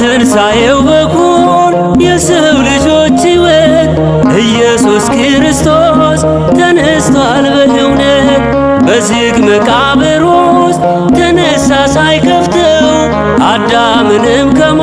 በትንሣኤው በኩል የሰው ልጆች ሕይወት ኢየሱስ ክርስቶስ ተነስቷል በእውነት በዝግ መቃብር ውስጥ ተነሳ ሳይከፍተው አዳምንም ከሞ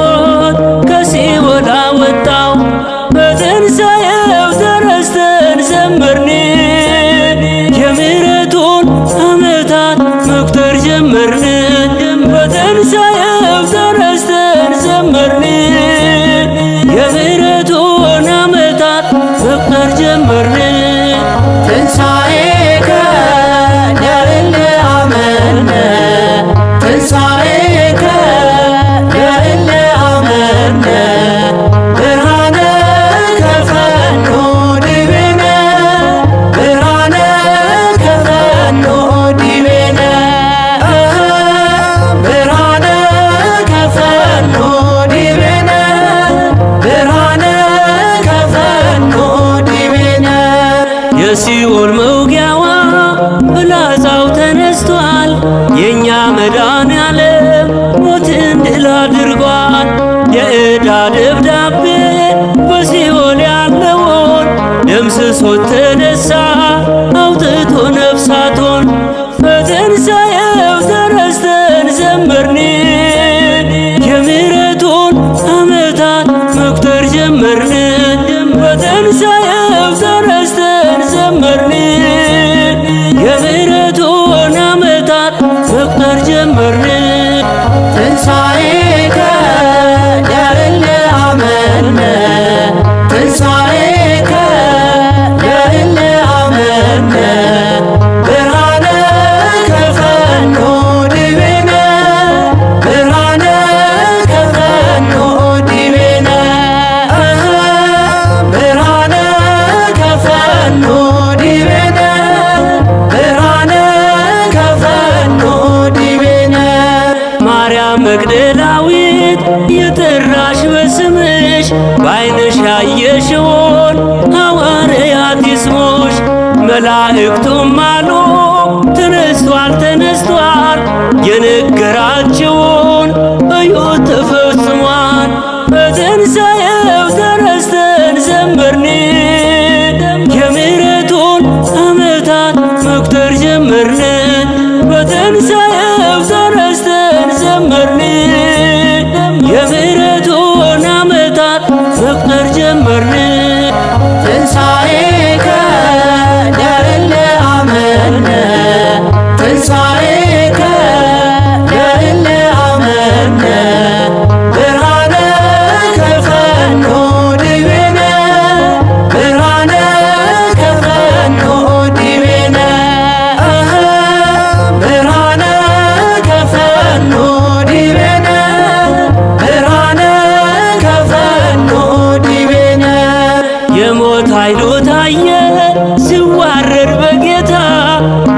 ክርስቶስ ተነሳ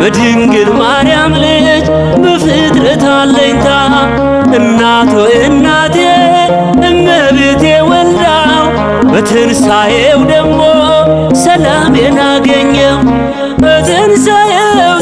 በድንግል ማርያም ልጅ በፍጥረት አለኝታ እናቶ እናቴ እመቤቴ ወልዳው በትንሣኤው ደግሞ ሰላሜን አገኘው በትንሣኤው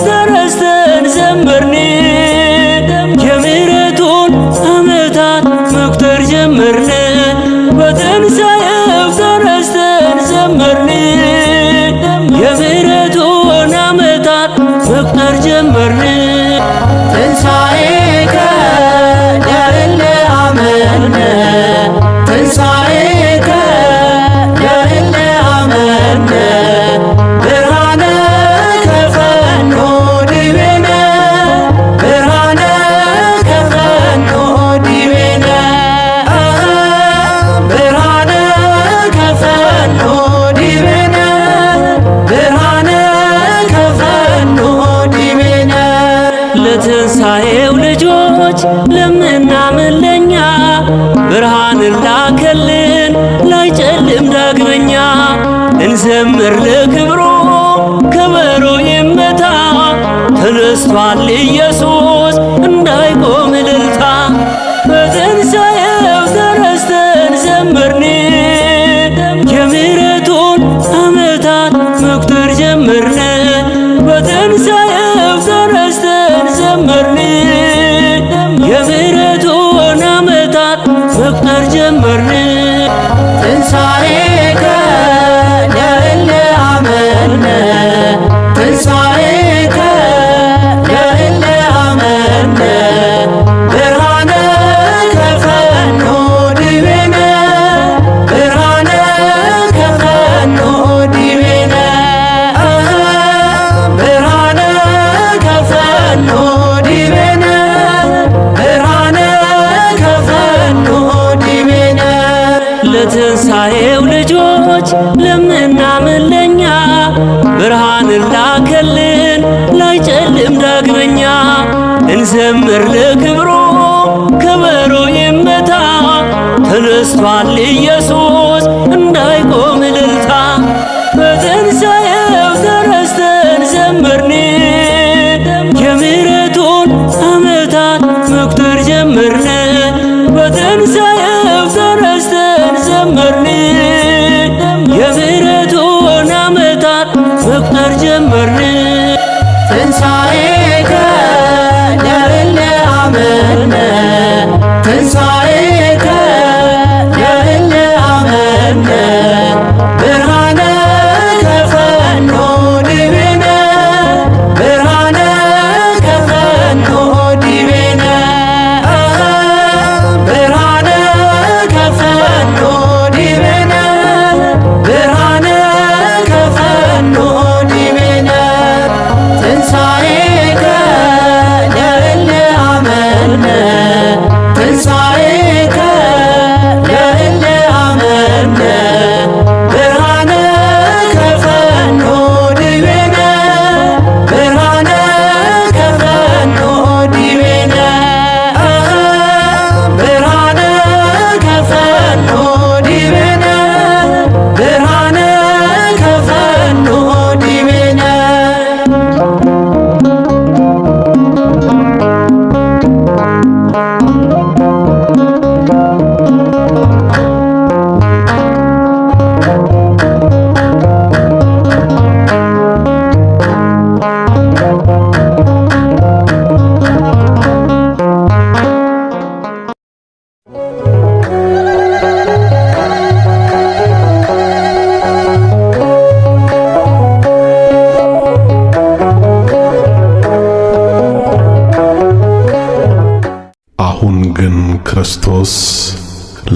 መፍጠር ጀመርን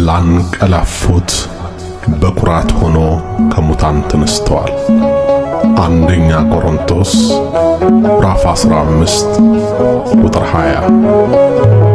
ላንቀላፉት በኩራት ሆኖ ከሙታን ተነስተዋል። አንደኛ ቆሮንቶስ ምዕራፍ 15 ቁጥር 20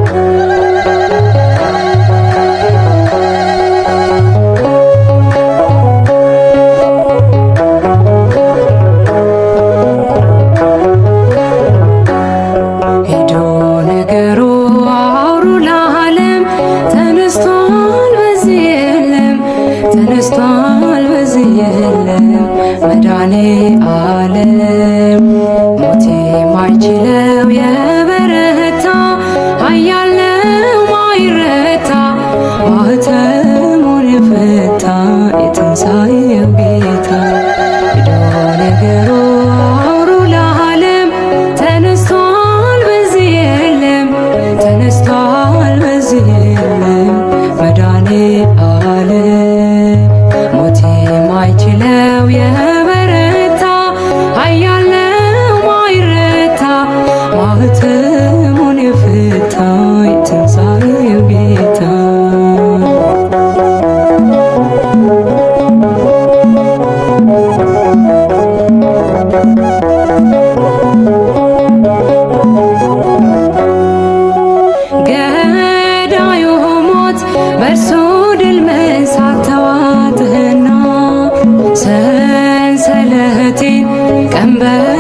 remember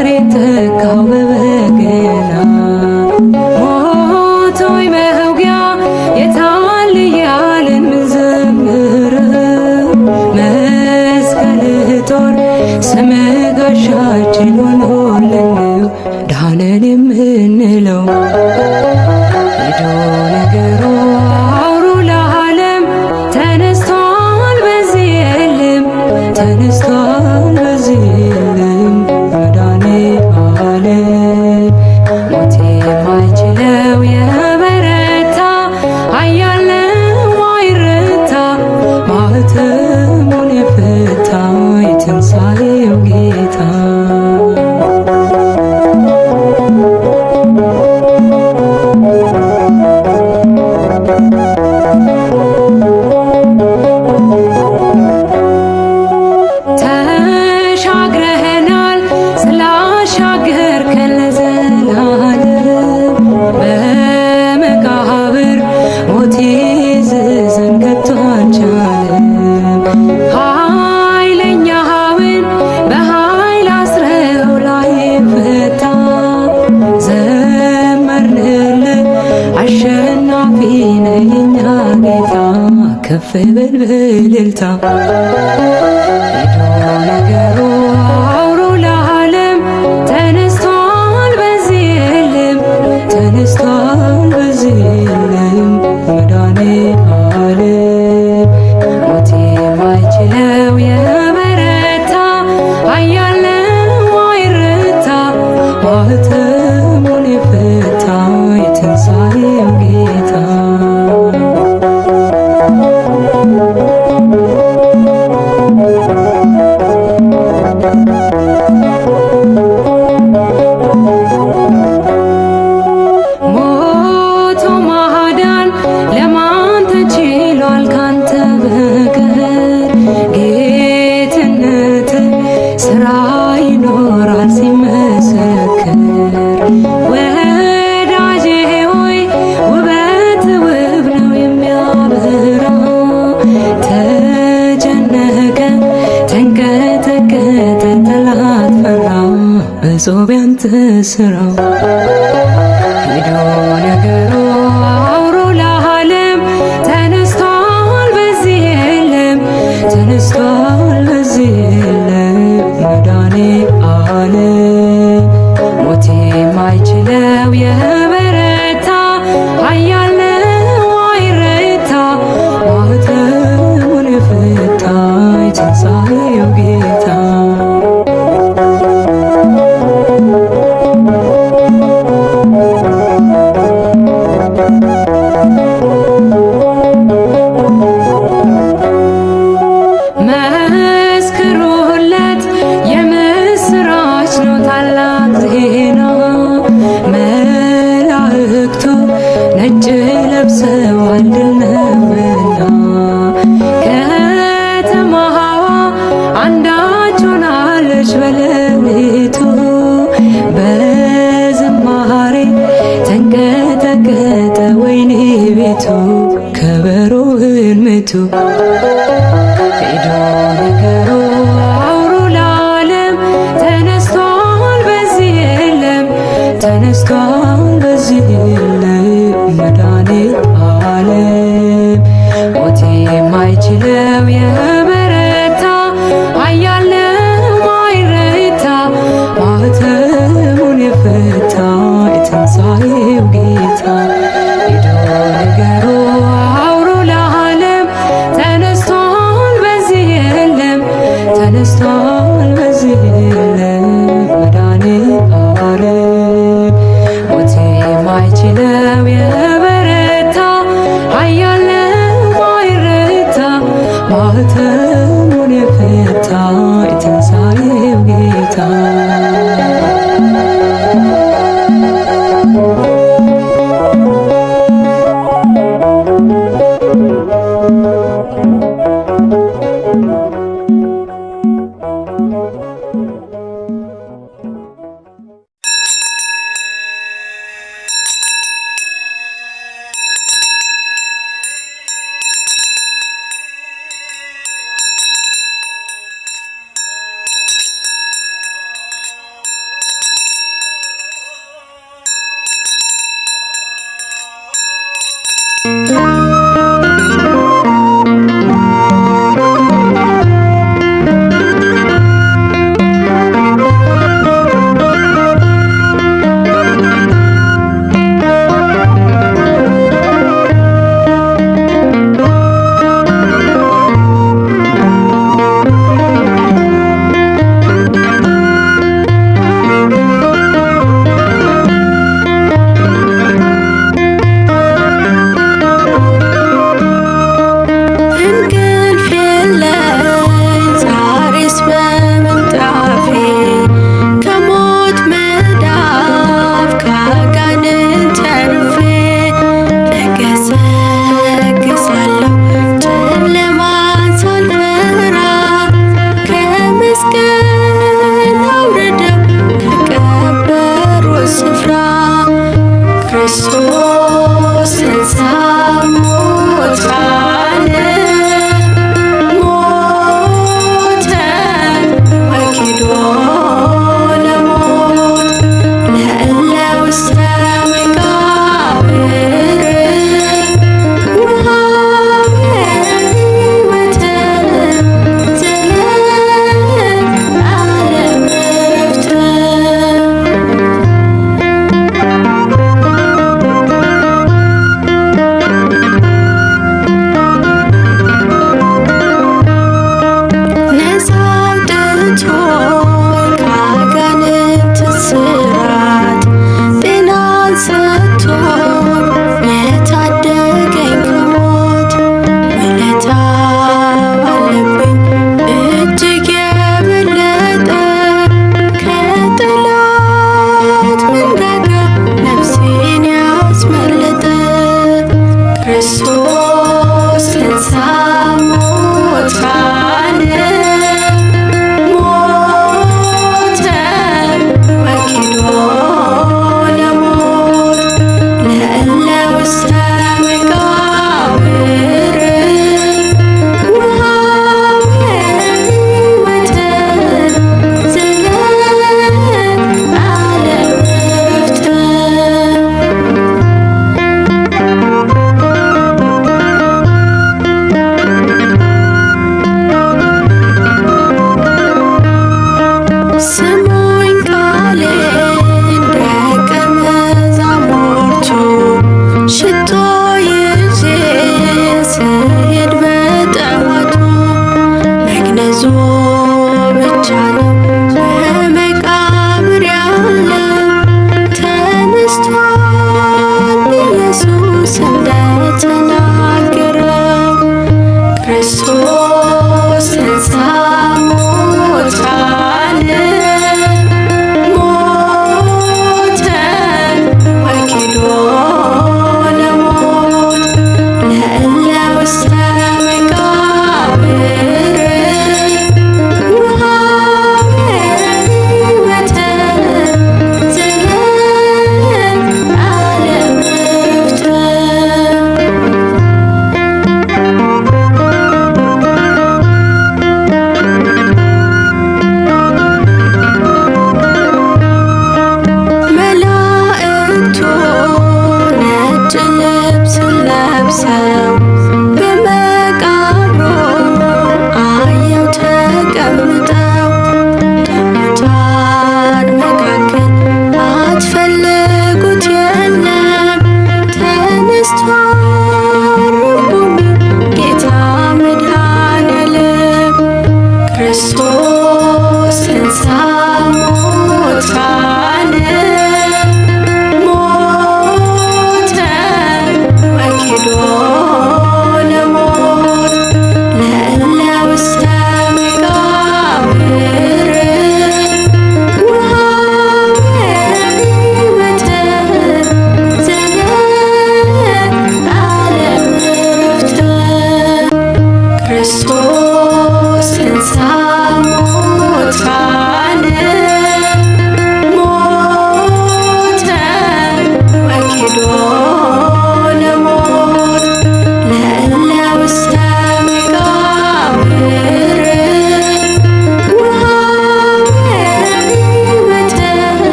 ህሙን የፈታ የትንሣኤው ጌታ አሸናፊ ነህ የኛ ጌታ፣ ከፍ በል በእልልታ ስራው ሄዶ ነገሩ አውሮ ለዓለም ተነስቷል፣ በዚህ የለም ተነስቷል ለብሰው አንድነት so